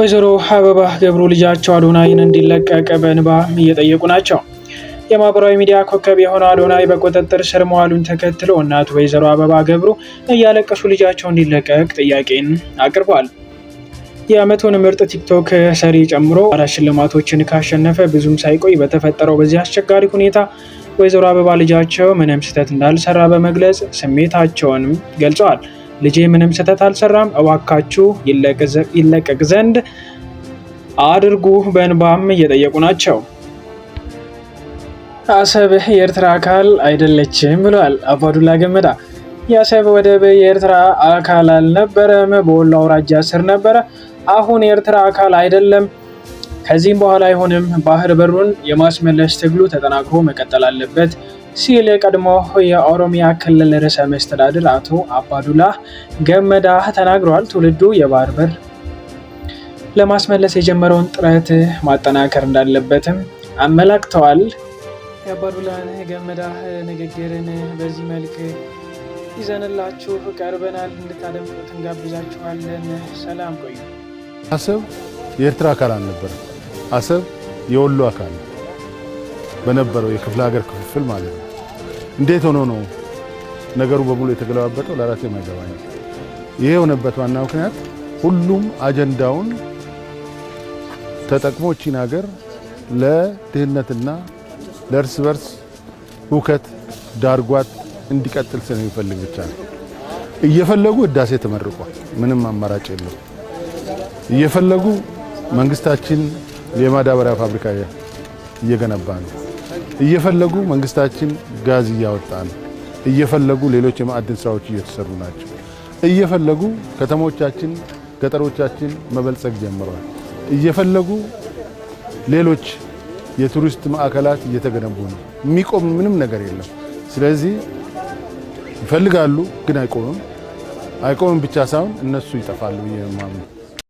ወይዘሮ አበባ ገብሩ ልጃቸው አዶናይን እንዲለቀቅ በእንባ እየጠየቁ ናቸው። የማህበራዊ ሚዲያ ኮከብ የሆነው አዶናይ በቁጥጥር ስር መዋሉን ተከትሎ እናቱ ወይዘሮ አበባ ገብሩ እያለቀሱ ልጃቸው እንዲለቀቅ ጥያቄን አቅርቧል። የዓመቱን ምርጥ ቲክቶክ ሰሪ ጨምሮ አራት ሽልማቶችን ካሸነፈ ብዙም ሳይቆይ በተፈጠረው በዚህ አስቸጋሪ ሁኔታ ወይዘሮ አበባ ልጃቸው ምንም ስህተት እንዳልሰራ በመግለጽ ስሜታቸውንም ገልጸዋል። ልጄ ምንም ስህተት አልሰራም፣ እባካችሁ ይለቀቅ ዘንድ አድርጉ በእንባም እየጠየቁ ናቸው። አሰብ የኤርትራ አካል አይደለችም ብለዋል አባዱላ ገመዳ። የአሰብ ወደብ የኤርትራ አካል አልነበረም፣ በወሎ አውራጃ ስር ነበረ። አሁን የኤርትራ አካል አይደለም ከዚህም በኋላ አይሆንም፣ ባህር በሩን የማስመለስ ትግሉ ተጠናክሮ መቀጠል አለበት ሲል የቀድሞ የኦሮሚያ ክልል ርዕሰ መስተዳድር አቶ አባዱላ ገመዳ ተናግረዋል። ትውልዱ የባህር በር ለማስመለስ የጀመረውን ጥረት ማጠናከር እንዳለበትም አመላክተዋል። የአባዱላን ገመዳ ንግግርን በዚህ መልክ ይዘንላችሁ ቀርበናል። እንድታደምጡት እንጋብዛችኋለን። ሰላም ቆዩ። አሰብ የኤርትራ አካል አልነበረም። አሰብ የወሎ አካል በነበረው የክፍለ ሀገር ክፍፍል ማለት ነው። እንዴት ሆኖ ነው ነገሩ በሙሉ የተገለባበጠው? ለራሴ የማይገባኝ ይሄ የሆነበት ዋና ምክንያት ሁሉም አጀንዳውን ተጠቅሞ ቺን ሀገር ለድህነትና ለእርስ በርስ ሁከት ዳርጓት እንዲቀጥል ስለሚፈልግ ብቻ ነው። እየፈለጉ ህዳሴ ተመርቋል። ምንም አማራጭ የለው። እየፈለጉ መንግስታችን የማዳበሪያ ፋብሪካ እየገነባ ነው። እየፈለጉ መንግስታችን ጋዝ እያወጣ ነው። እየፈለጉ ሌሎች የማዕድን ስራዎች እየተሰሩ ናቸው። እየፈለጉ ከተሞቻችን፣ ገጠሮቻችን መበልጸግ ጀምረዋል። እየፈለጉ ሌሎች የቱሪስት ማዕከላት እየተገነቡ ነው። የሚቆም ምንም ነገር የለም። ስለዚህ ይፈልጋሉ፣ ግን አይቆምም። አይቆምም ብቻ ሳይሆን እነሱ ይጠፋሉ ብዬ